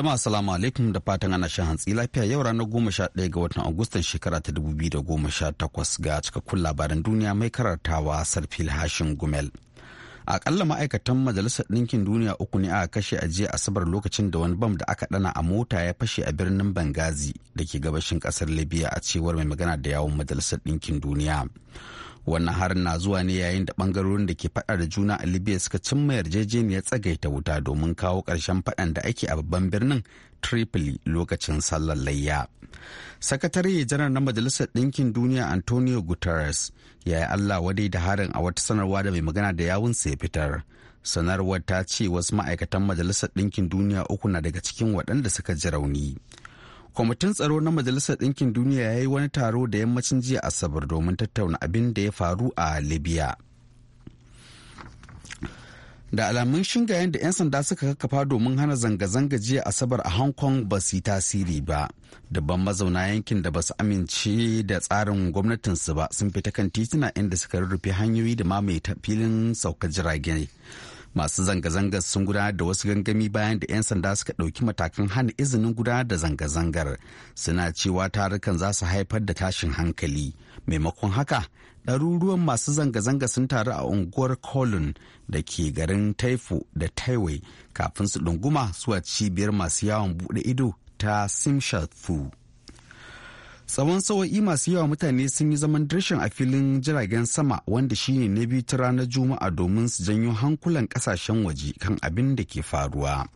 Jama'a salamu alaikum da fatan ana shan hantsi lafiya yau ranar goma sha ɗaya ga watan Agustan shekara ta dubu biyu da goma sha takwas ga cikakkun labaran duniya mai karantawa Sarfil hashin Gumel. Akalla ma'aikatan Majalisar Ɗinkin Duniya uku ne aka kashe a jiya Asabar lokacin da wani bam da aka ɗana a mota ya fashe a birnin Bangazi da ke gabashin ƙasar Libya a cewar mai magana da yawon Majalisar Ɗinkin Duniya. wannan harin na zuwa ne yayin da bangarorin da ke fada da juna a libya suka cimma yarjejeniyar tsagaita wuta domin kawo ƙarshen fadan da ake a babban birnin tripoli lokacin sallar layya sakatare janar na majalisar ɗinkin duniya antonio guterres ya yi allah wadai da harin a wata sanarwa da mai magana da yawun ya fitar sanarwar ta ce wasu ma'aikatan majalisar ɗinkin duniya uku na daga cikin waɗanda suka ji rauni kwamitin tsaro na majalisar ɗinkin duniya ya yi wani taro da yammacin jiya asabar domin tattauna abin da ya faru a libya da alamun shingayen da 'yan sanda suka kakkafa domin hana zanga-zanga jiya asabar a hong kong ba su yi tasiri ba dabban mazauna yankin da ba su amince da tsarin gwamnatinsu ba sun fita kan tituna inda suka rurrufe hanyoyi da mamaye filin sauka jirage masu zanga-zangar sun gudanar da wasu gangami bayan da 'yan sanda suka ɗauki matakan hana izinin gudanar da zanga-zangar suna cewa tarukan za su haifar da tashin hankali maimakon haka ɗaruruwan masu zanga-zanga sun taru a unguwar colon da ke garin taifo da taiwai kafin su ɗunguma zuwa cibiyar masu yawon buɗe ido ta simshafu tsawon sawa'i masu yawa mutane sun yi zaman dirshin a filin jiragen sama wanda shine na biyu ta ranar juma'a domin su janyo hankulan kasashen waje kan abin da ke faruwa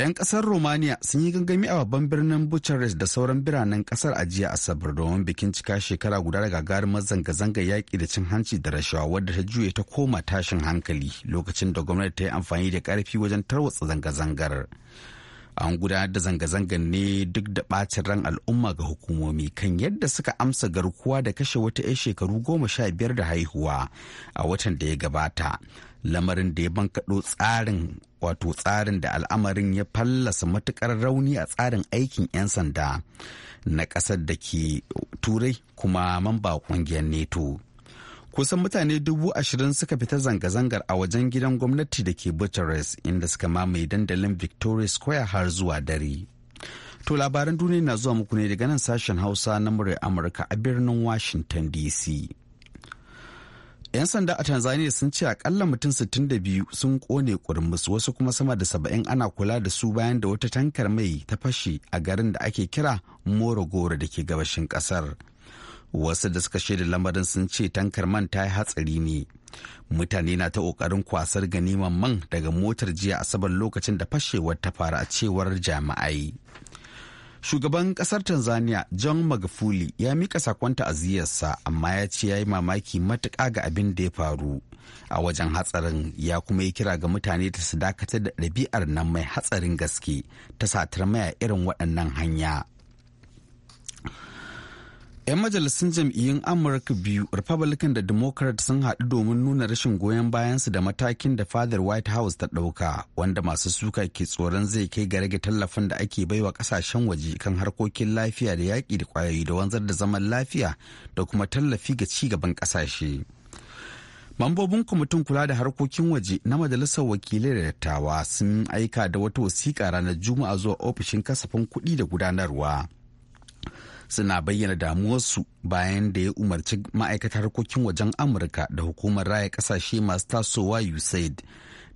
yan kasar romania sun yi gangami a babban birnin bucharest da sauran biranen kasar a jiya asabar domin bikin cika shekara guda da gagarumar zanga-zangar yaƙi da cin hanci da rashawa wadda ta juye ta koma tashin hankali lokacin da gwamnati ta yi amfani da ƙarfi wajen tarwatsa zanga-zangar an gudanar da zanga-zangar ne duk da ɓacin ran al'umma ga hukumomi kan yadda suka amsa garkuwa da kashe wata 'yan shekaru goma sha biyar da haihuwa a watan da ya gabata lamarin da ya bankaɗo tsarin wato tsarin da al'amarin ya fallasa matukar rauni a tsarin aikin 'yan sanda na ƙasar da ke turai kuma mamba ƙungiyar neto kusan mutane dubu ashirin suka fita zanga-zangar a wajen gidan gwamnati da ke bucharest inda suka mamaye dandalin victoria square har zuwa dare to labaran duniya na zuwa muku ne daga nan sashen hausa na murya amurka a birnin washington dc 'yan sanda a tanzania sun ce akalla mutum 62 sun kone kurmus wasu kuma sama da 70 ana kula da su bayan da wata tankar mai ta fashe a garin da ake kira morogoro da ke gabashin kasar wasu da suka shaida lamarin sun ce tankar man ta yi hatsari ne mutane na ta ƙoƙarin kwasar ganiman man daga motar jiya asabar lokacin da fashewar ta fara a cewar jami'ai shugaban kasar tanzania john magufuli ya mika sakon ta'aziyarsa amma ya ce ya yi mamaki matuka ga abin da ya faru a wajen hatsarin ya kuma yi kira ga mutane da su dakatar da ɗabi'ar nan mai hatsarin gaske ta satar maya irin waɗannan hanya 'Yan majalisun jam'iyyun Amurka biyu, Republican da Democrat sun haɗu domin nuna rashin goyon bayansu da matakin da fadar White House ta ɗauka, wanda masu suka ke tsoron zai kai ga rage tallafin da ake baiwa ƙasashen waje kan harkokin lafiya da yaƙi da ƙwayoyi da wanzar da zaman lafiya da kuma tallafi ga ci gaban ƙasashe. Mambobin kwamitin kula da harkokin waje na Majalisar Wakilai da Dattawa sun aika da wata wasiƙa ranar Juma'a zuwa ofishin kasafin kuɗi da gudanarwa. suna bayyana damuwarsu bayan da ya umarci ma'aikatar harkokin wajen amurka da hukumar raya kasashe masu tasowa usaid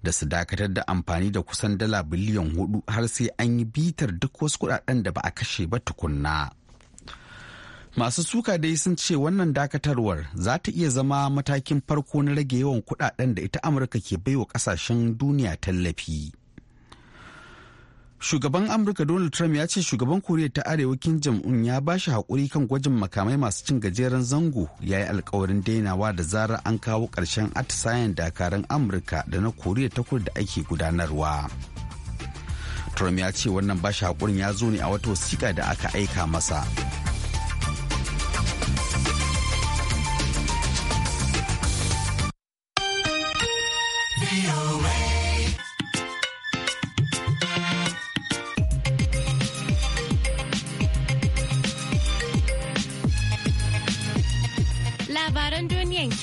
da su dakatar da amfani da kusan dala biliyan hudu har sai an yi bitar duk wasu kudaden da ba a kashe ba tukunna masu suka dai sun ce wannan dakatarwar za ta iya zama matakin farko na rage yawan kudaden da ita amurka ke baiwa kasashen duniya tallafi Shugaban Amurka Donald Trump ya ce shugaban Koriya ta Arewa Kim Jong-un ya ba shi haƙuri kan gwajin makamai masu cin gajeren zango ya yi alkawarin dainawa da zarar an kawo ƙarshen atisayen dakarun Amurka da na Koriya ta Kudu da ake gudanarwa. Trump ya ce wannan ba shi haƙurin ya zo ne a wata wasiƙa da aka aika masa.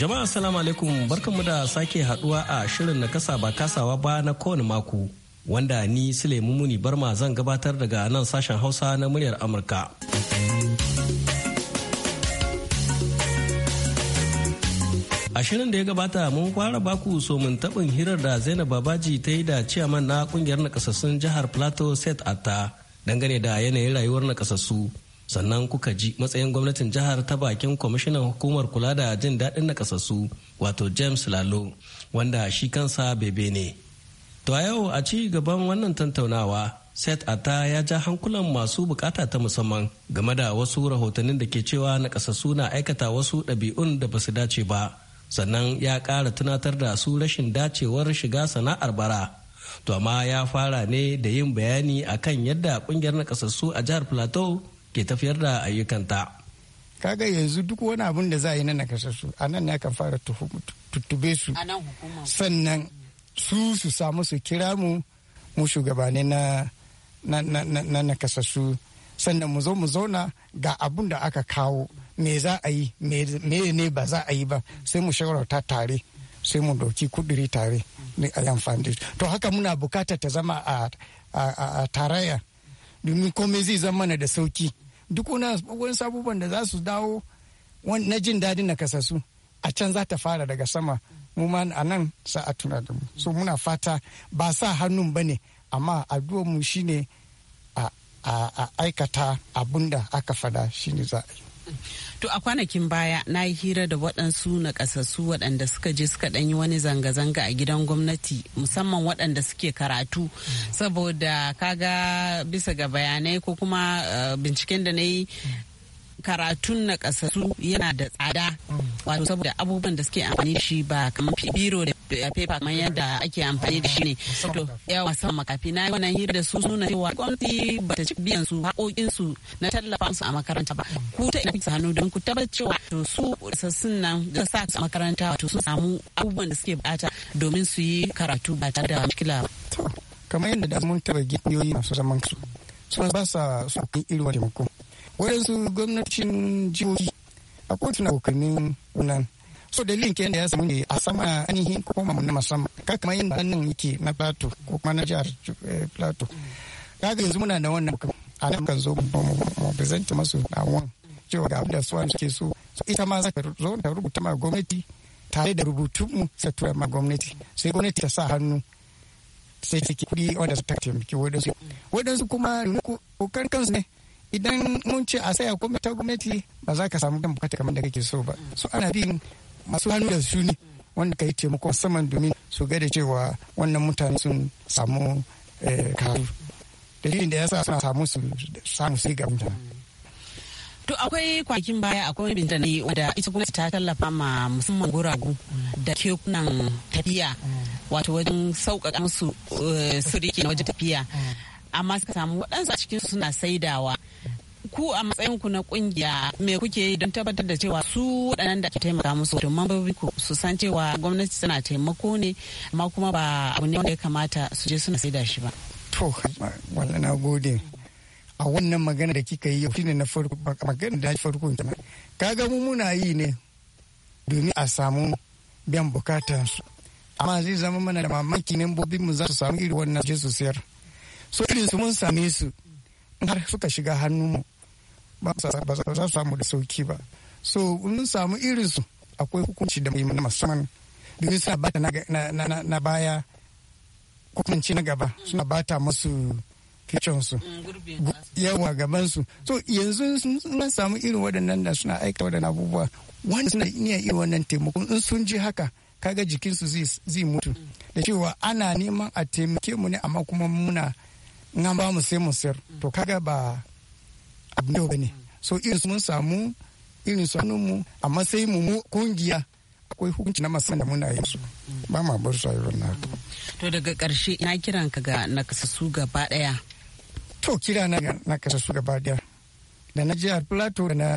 Jama'a salamu alaikum barkanmu da sake haduwa a shirin na kasa ba kasawa ba na kowane mako wanda ni Suleiman Muni Barma zan gabatar daga nan sashen Hausa na muryar Amurka. A shirin da ya gabata mun fara baku somin taɓin hirar da Zainab Babaji ta yi da ciyaman na kungiyar nakasassun jihar Plateau Set Atta dangane da yanayin rayuwar nakasassu. sannan kuka ji matsayin gwamnatin jihar ta bakin kwamishinan hukumar kula da jin daɗin na wato james lalo wanda shi kansa bebe ne to a yau a ci gaban wannan tantaunawa set ata ya ja hankulan masu bukata ta musamman game da wasu rahotannin da ke cewa na na aikata wasu ɗabi'un da basu dace ba sannan ya ƙara tunatar da su rashin dacewar shiga sana'ar bara to amma ya fara ne da yin bayani akan yadda kungiyar nakasassu a jihar plateau ke tafiyar da ayyukanta kaga yanzu duk wani abun da za a yi na nakasassu a nan ne aka fara tuttube su sannan su su samu su kira mu mu shugabane na na nakasassu sannan mu zo mu zauna ga abun da aka kawo me za a yi me ne ba za a yi ba sai mu shawarta tare sai mu dauki kuɗiri tare ne a yan to haka muna bukatar ta zama a tarayya domin komai zai zama mana da sauki duk wani abubuwan da za su dawo na jin daɗin na kasasu a can za ta fara daga sama mu ma a nan sa a tuna da mu so muna fata ba sa hannun ba ne amma addu'ar mu shine a aikata abun da aka fada shine za a yi To a kwanakin baya na yi hira da waɗansu na ƙasassu waɗanda suka je suka ɗanyi wani zanga-zanga a gidan gwamnati musamman waɗanda suke karatu saboda kaga bisa ga bayanai ko kuma eh, binciken da na yi karatun na kasasu yana da tsada wato saboda abubuwan da suke amfani shi ba kamar biro da paper kamar yadda ake amfani da shi ne to yawa sama makafi na wannan hira da su suna cewa gwamnati ba ta ci biyan su haƙoƙin su na tallafa su a makaranta ba ku ta ina kusa hannu don ku tabbatar cewa to su sassun nan da sa su a makaranta wato sun samu abubuwan da suke bukata domin su yi karatu ba tare da ba. kamar yadda da mun taɓa gidiyoyi masu zaman su suna ba sa su irin wani taimako waɗansu gwamnatin jihohi a kotu na kokarin wannan so dalilin ke ya samu ne a sama ainihin ko kuma na musamman ka kamar da nan yake na plato ko kuma na jihar eh, plato kaga yanzu muna da wannan a nan kan zo mu present masu awon cewa ga abin da suwa suke so ita ma za ta zo ta rubuta ma gwamnati tare da mu sa tura ma gwamnati sai gwamnati ta sa hannu sai take kuɗi wanda su ta taimaki waɗansu waɗansu kuma kokarin kansu ne idan mun ce a saya kuma ta gwamnati ba za ka samu kan bukata kamar da kake so ba Su ana bin masu hannu da su ne wanda ka yi taimako musamman domin su ga cewa wannan mutane sun samu eh, karu dalilin da ya sa suna samu su samu sai ga mutane To akwai kwanakin baya akwai wani ne wadda ita gwamnati ta tallafa ma musamman guragu da kekunan tafiya wato wajen sauƙaƙa musu eh, rike na wajen tafiya amma suka samu waɗansu a cikin suna saidawa ku a matsayin ku na kungiya me kuke yi don tabbatar da cewa su waɗannan da ke taimaka musu wato mambobi ku su san cewa gwamnati tana taimako ne amma kuma ba abu ne wanda ya kamata su je suna saida shi ba. To, wala na gode. A wannan magana da kika yi yau shine na farko magana da farko kaga mu muna yi ne domin a samu biyan su. amma zai zama mana da mamaki membobin mu za su samu irin wannan je su siyar so irin su mun same su har suka shiga hannun mu ba za su samu da sauki ba so mun samu su akwai hukunci da na musamman domin suna bata na baya hukunci na gaba suna bata masu kicinsu mm, yawa gabansu so yanzu sun samu irin waɗannan da suna aika waɗannan abubuwa wanda suna iya irin wannan taimakon in sun ji haka kaga jikinsu zai mutu mm. da cewa ana neman a taimake mu ne amma kuma muna nan ba mu sai mu sir mm. to kaga ba abu ne bane so irin mun samu irin su mu amma sai mu mu kungiya akwai hukunci na masan da muna yi su ba ma bar su a irin haka to daga karshe ina kiran ka ga nakasassu gaba daya to kira na ga nakasassu gaba daya da na jihar plateau da na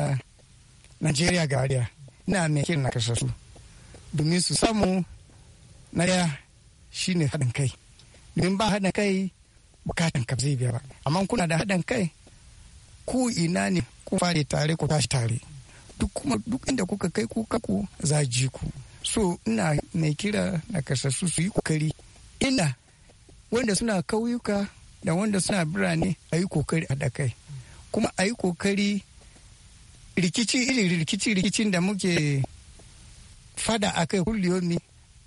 najeriya ga daya na mai kiran nakasassu domin su samu na daya shine haɗin kai domin ba haɗin kai bukatan ka zai biya ba amma kuna da haɗin kai Ku ina ne ku fare tare ku tashi tare duk kuma duk inda kuka kai kuka ku za ji ku so ina na kira na kasassu su yi kokari ina wanda suna kauyuka da wanda suna birane a yi kokari a dakai kuma a yi kokari rikici irin rikici rikicin da muke fada a kai kulliyomi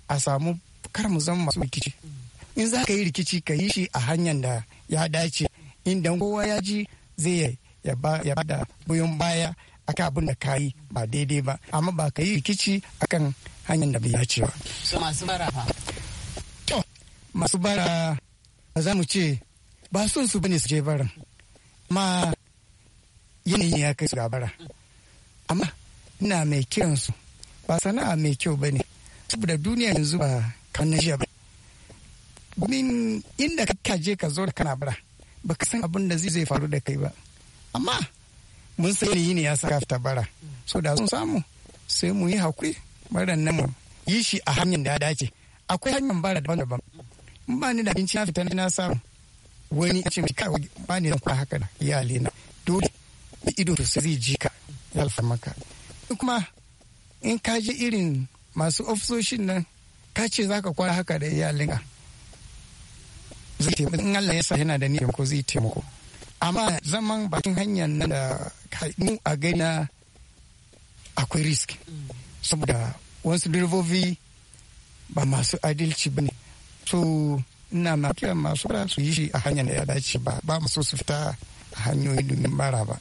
a samu kar mu zama masu rikici in za ka yi rikici ka yi shi a hanyar da ya dace inda kowa ya ji zai yi ya ba da goyon baya akan abin da ka ba daidai ba amma ba ka rikici akan hanyar da bai dace ba. masu bara fa. masu bara ba za mu ce ba son su bane su je baran ma yanayi ya kai su ga bara amma ina mai kiran su ba sana'a mai kyau bane saboda duniya yanzu ba kan jiya ba. Domin inda ka je ka zo da kana bara baka san abin da zai faru da kai ba. amma mun sai ne ya saka ta bara so da sun samu sai mu yi hakuri baran nan mu yi shi a hanyar da ya dace akwai hanyar bara daban-daban in ba ni da abinci na fita na samu wani ya ce mai kawai ba ni zan kwa haka da iyali na dole da ido to sai zai ji ka ya alfa maka kuma in ka je irin masu ofisoshin nan ka ce za ka kwana haka da iyalinka zai taimako in Allah ya sa yana da niyyar ko zai taimako amma zaman bakin hanyar nan da mu a gaina akwai risk saboda wasu direbobi ba masu adalci ba ne so ina ma kira masu bara su yi shi a hanyar da ya dace ba ba masu su fita a hanyoyin domin bara ba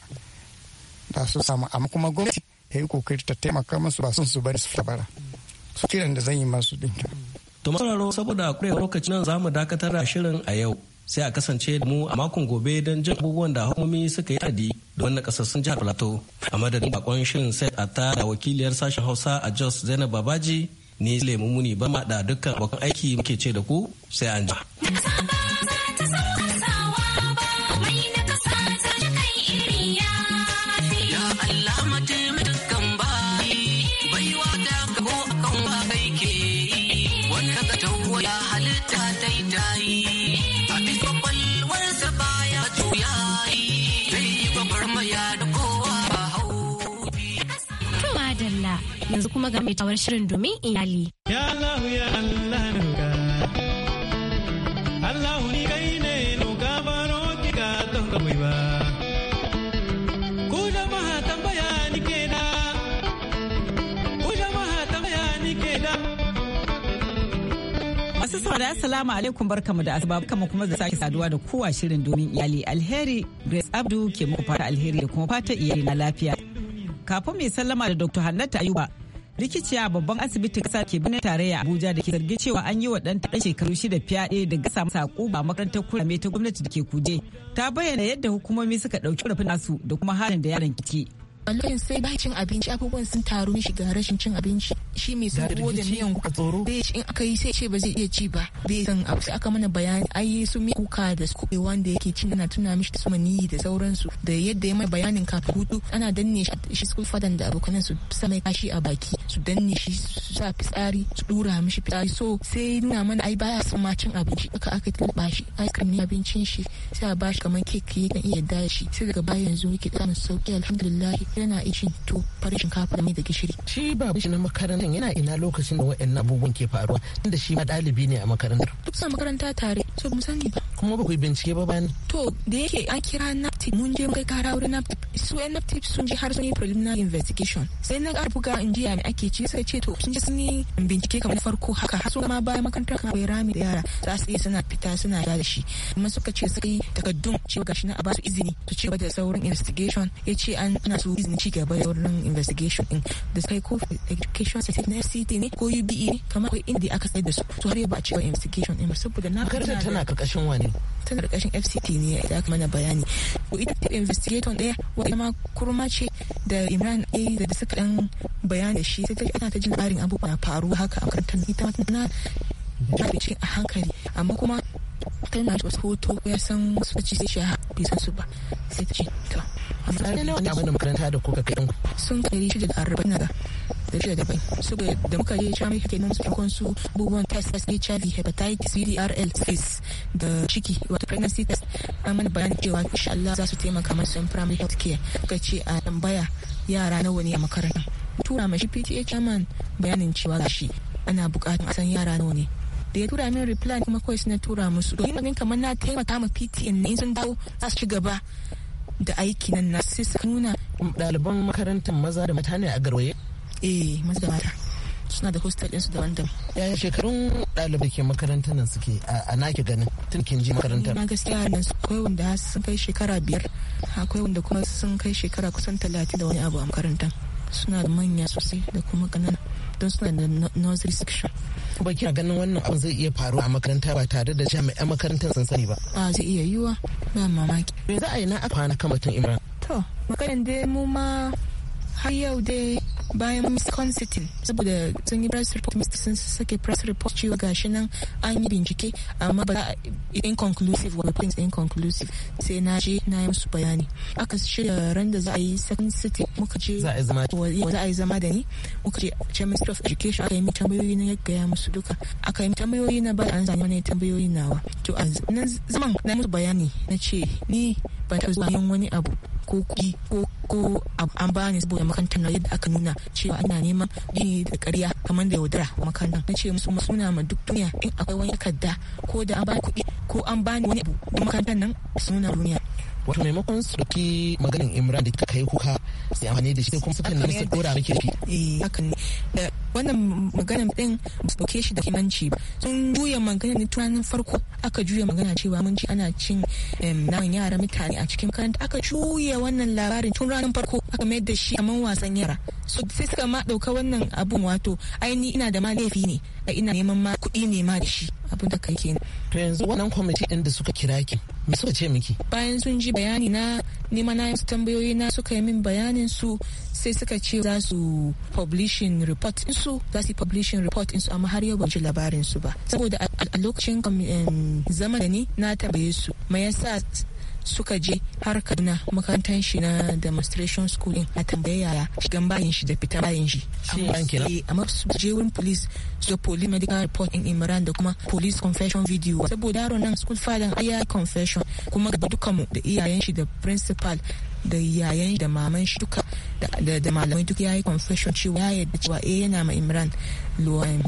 da su samu amma kuma gwamnati ta yi kokari ta taimaka masu ba sun su bari su fita bara su kiran da zan yi masu dinka. to saboda kurewar lokacin nan za mu dakatar da shirin a yau sai a kasance da mu a makon gobe don jin abubuwan da hukumomi suka yi tadi da wannan kasassun jihar plateau a madadin bakon shirin sai a ta da wakiliyar sashen hausa a jos zainab babaji ne lemu muni ba da dukkan abokan aiki muke ce da ku sai an ji. yanzu kuma ga maitawar shirin domin iyali. Ya Allah ya Allah na ni kai ne ka ka ba. Ku tambaya ni ke da. Ku jama'a tambaya ni ke da. Masu saurara assalamu alaikum barkamu da asuba barkamu kuma da sake saduwa da kowa shirin domin iyali alheri Grace Abdu ke muku fata alheri da kuma fata iyali na lafiya. kafin mai sallama da dr hannatu ayuba rikiciya babban asibitin kasa ke birnin tarayya abuja da ke zargi cewa an yi wa ɗanta ɗan shekaru shida fyaɗe da gasa masa ba makarantar kurame ta gwamnati da ke kuje ta bayyana yadda hukumomi suka ɗauki rufin nasu da kuma halin da yaron ke lokacin sai ba cin abinci abubuwan sun taru mishi ga rashin cin abinci shi mai sun tuwo da miyan kuka tsoro bai in aka yi sai ce ba zai iya ci ba bai san abu sai aka mana bayani ai su miyan kuka da su kuɓe eh, wanda yake cin ana tuna mishi da su maniyi da sauransu da yadda ya mai bayanin kafin hutu ana danne shi su fadan da abokanan su sa mai kashi a baki su danne shi su sa fitsari su dura mishi fitsari so sai nuna mana ai baya son ma cin abinci aka aka tilba shi ai kan ne abincin shi sai a bashi kamar kek yakan iya dashi sai daga baya yanzu yake samun sauki alhamdulillah yana ishin to farin shinkafa da mai da gishiri shi ba shi na makarantar yana ina lokacin da waɗannan abubuwan ke faruwa inda shi ma ɗalibi ne a makarantar duk sa makaranta tare so mu sani ba kuma ba ku bincike ba bani to da yake an kira na tip mun je kai kara wurin NAPTIP su yan NAPTIP sun je har sun yi preliminary investigation sai na ƙara buga in jiya ake ce sai ce to sun je sun yi bincike kamar farko haka har sun ma bayan kan bai rami da yara za su iya suna fita suna da shi amma suka ce yi takaddun cewa gashi na a ba su izini su ce da sauran investigation ya ce an ana su izini ci gaba da saurin investigation din da sai ko education certificate na city ne ko UBE ne kamar akwai inda aka sai da su to har yau ba a ci gaba investigation din saboda na tana karkashin wani tana karkashin FCT ne da aka mana bayani to ita ta investigator ɗaya wata ma kurma ce da imran a da suka dan bayani shi sai ta ana ta jin ƙarin abubuwa faru haka a makarantar ita ma tana ce a hankali amma kuma tana da wasu hoto ya san wasu ci sai shi bai san su ba sai ta ce to amma da makaranta da kuka kai sun kari shi da arba na ga da da bai saboda da muka je jami'a kake nan suke kon su abubuwan test test HIV hepatitis VDRL cis da ciki wato pregnancy test an bayan cewa insha Allah za su taimaka masu primary health care suka ce a tambaya yara nawa ne a makaranta tura ma mashi PTA chairman bayanin cewa gashi ana bukatun a san yara nawa ne da ya tura min reply kuma kawai suna tura musu domin ganin kamar na taimaka ma PTN ne sun dawo za su ci gaba da aiki nan na sai su nuna ɗaliban makarantar maza da mata ne a garwaye eh maza mata suna da hostel ɗinsu daban-daban. Yayin shekarun ɗalibai ke makarantar nan suke a naki ganin tun kin ji makarantar. Na gaskiya nan kai wanda sun kai shekara biyar akwai wanda kuma sun kai shekara kusan talatin da wani abu a makarantar. Suna da manya sosai da kuma ƙanana don suna da nursery section. Ba kina ganin wannan abin zai iya faruwa a makaranta ba tare da jami'an makarantar sun sani ba. A zai iya yiwuwa ba mamaki. Me za a yi na aka kwana kan batun Imran? To, makarantar mu ma har yau dai bayan misconsitin saboda sun yi press report mr sun sake press report cewa gashi nan an yi bincike amma ba inconclusive wa prince inconclusive sai na je na yi musu bayani aka shirya ran da za a yi second city muka je za a yi zama da ni muka je ce minister of education aka yi mi tambayoyi na yadda ya musu duka aka yi tambayoyi na ba an zanya ne tambayoyi nawa to a nan zaman na musu bayani na ce ni ban taɓa zuwa wani abu ko kuɗi ko ko an bani saboda makarantar na yadda aka nuna cewa ana neman gini da ƙarya kamar da yaudara makarantar na ce musu suna ma duk duniya in akwai wani takarda ko da an bani kuɗi ko an bani wani abu da makarantar nan suna duniya wato maimakon su ɗauki maganin imran da kika kai kuka sai amfani da shi sai kuma suka nemi su dora miki da eh, haka wannan maganan din ba dauke shi da kimanci ba sun juya magana ne tunanin farko aka juya magana cewa mun ci ana cin naman yara mutane a cikin karanta aka juya wannan labarin tun ranar farko aka mayar da shi kamar wasan yara so sai suka ma dauka wannan abun wato ni ina da ma laifi ne ina neman ma kuɗi ne ma da shi abin da kake to yanzu wannan kwamiti din da suka kira ki me suka ce miki bayan sun ji bayani na ni ma na yi tambayoyi na suka yi min bayanin su sai suka ce za su publishing report din su za su publishing report din su amma har yau ban ji labarin su ba saboda a lokacin zaman da ni na tambaye su me yasa suka je har kaduna makarantar shi na demonstration school din a tambaya yaya shigan bayan shi da fita bayan shi amma su je wurin police su police medical report in imran da kuma police confession video saboda yaron nan school father ya confession kuma gaba mu da iyayen shi da principal da yayan da maman shi duka da malamai duk ya yi confession cewa ya yadda cewa eh yana ma imran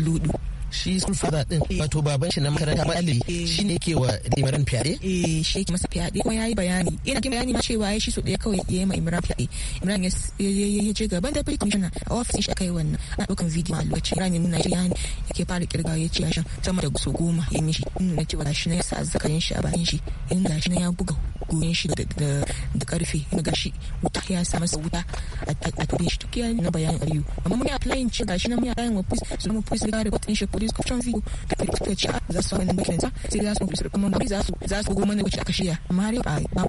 ludu shi sun fada din wato baban shi na makaranta malami shi ne ke wa Imran eh shi yake masa kuma yayi bayani ina jin bayani ma cewa ya shi so ɗaya kawai yayi ma Imran fyaɗe Imran ya ya je gaban da police commissioner a office shi akai wannan a daukan video a lokacin Imran ya nuna bayani yake fara kirga ya ce shan sama da so goma ya mishi nuna cewa shi ne ya sa zakarin shi a bayan shi in shi ne ya buga goyen shi da da karfe in shi wuta ya sa masa wuta a tubin shi tukiya na bayanin ariyu amma mun yi applying ce shi na mun ya applying wa police su mu police ga da shi police conference da ci za su wani bakin sa sai za su police report amma za su za su goma ne wuce aka shiya ba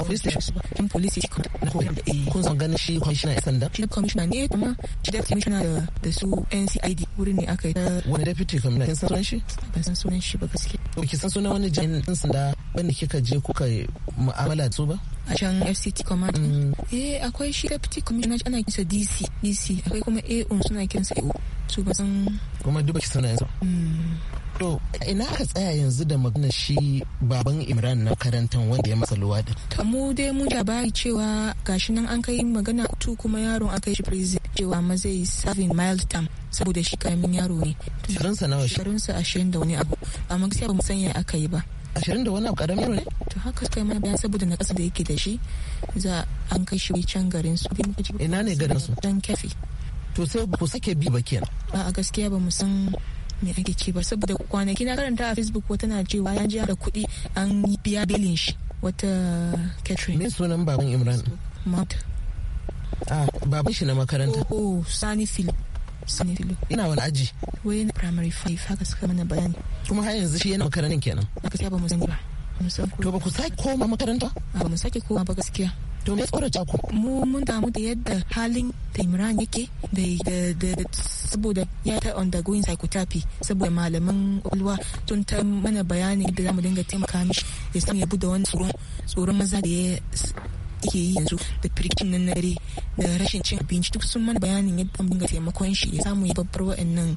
a police station ba police na ko da eh kun zanga shi commissioner ya sanda shi commissioner ne kuma shi da commissioner da da su NCID wurin ne aka yi wani deputy commissioner kin san sunan shi ban san sunan shi ba gaskiya ki san sunan wani jami'in sanda wanda kika je kuka mu'amala da su ba a can fct command mm. eh akwai shi deputy commissioner ana kinsa dc dc akwai kuma aon suna kinsa ao su ba san kuma duba ki sunayen mm. To ina aka tsaya yanzu da magana shi baban Imran na karantan wanda ya masa da ta mu dai mun labari cewa gashi nan an kai magana tu kuma yaron aka yi shi prison cewa ma zai serving mild term saboda shi karamin yaro ne. Shekarunsa nawa shi? Shekarunsa ashirin da wani abu. Amma gaskiya ba mu sanya aka yi ba. ashirin da wani karamin yaro ne to haka kai mana bayan saboda na kasa da yake da shi za an kai shi can garin su ina ne garin su dan kafi to sai ku sake bi ba kenan a gaskiya ba mu san me ake ce ba saboda kwanaki na karanta a facebook wata na cewa ya jiya da kuɗi an biya belin shi wata catherine me sunan baban imran mata a ah, baban shi na makaranta oh, oh sani philip sani tilu yana wani aji wai na primary five haka suka mana bayani kuma har yanzu shi yana makarantar kenan haka sai ba mu san ba to ba ku sake koma makaranta ba mu sake koma ba gaskiya to me tsorata ku mu mun damu da yadda halin taimiran yake da da saboda ya ta undergoing psychotherapy saboda malaman ulwa tun ta mana bayani da zamu dinga taimaka mishi ya san ya bude wani tsoron tsoron maza da ya ake yi yanzu da nan na nare da rashin cin abinci duk sun mana bayanin yadda dinga taimakon shi ya samu ya babbar wa'annan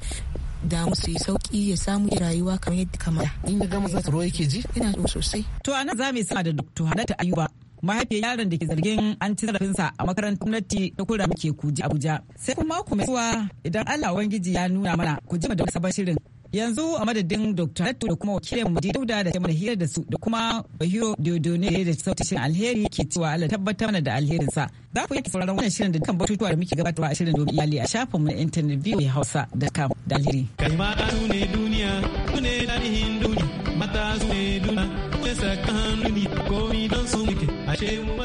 da musu yi sauki ya samu rayuwa kamar yadda kamar. ga gama za ruwa yake ji? Ina so sosai. To anan za mu yi sama da Dr. Hannatu Ayuba mahaifiyar yaron da ke zargin an ci zarafinsa a makarantar gwamnati ta kura muke kuji Abuja. Sai kuma ku mai zuwa idan Allah Ubangiji ya nuna mana ku ji da sabon shirin yanzu a madadin dr lattu da kuma wakilin mu dauda da ke mana hira da su da kuma bahiro diodone da sauti shirin alheri ke cewa allah tabbatar mana da alherinsa za ku yi sauraron wannan shirin da kan batutuwa da muke gabatarwa a shirin domin iyali a shafin mu na intanet biyu hausa da kam da alheri. kai mata su ne duniya su ne duniya mata su ne duniya su ne sakan komi don su muke ashe mu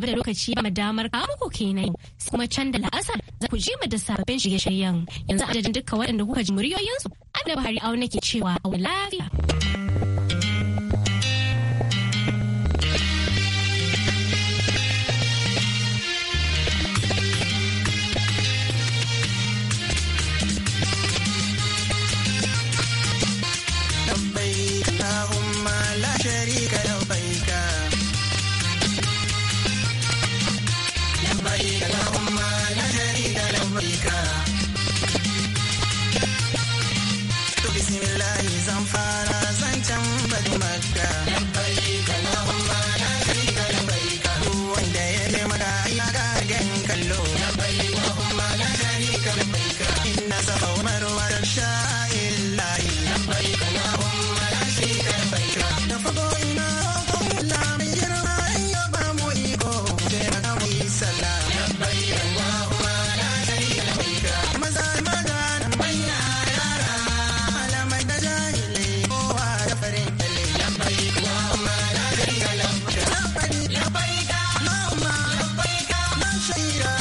abu da lokaci ba damar kawo muku kenan kuma can da la'asar za ku ji mu da sababbin shirye-shiryen yanzu a jajin duka waɗanda kuka ji muryoyinsu adda Buhari auna ke cewa a lafiya. Yeah.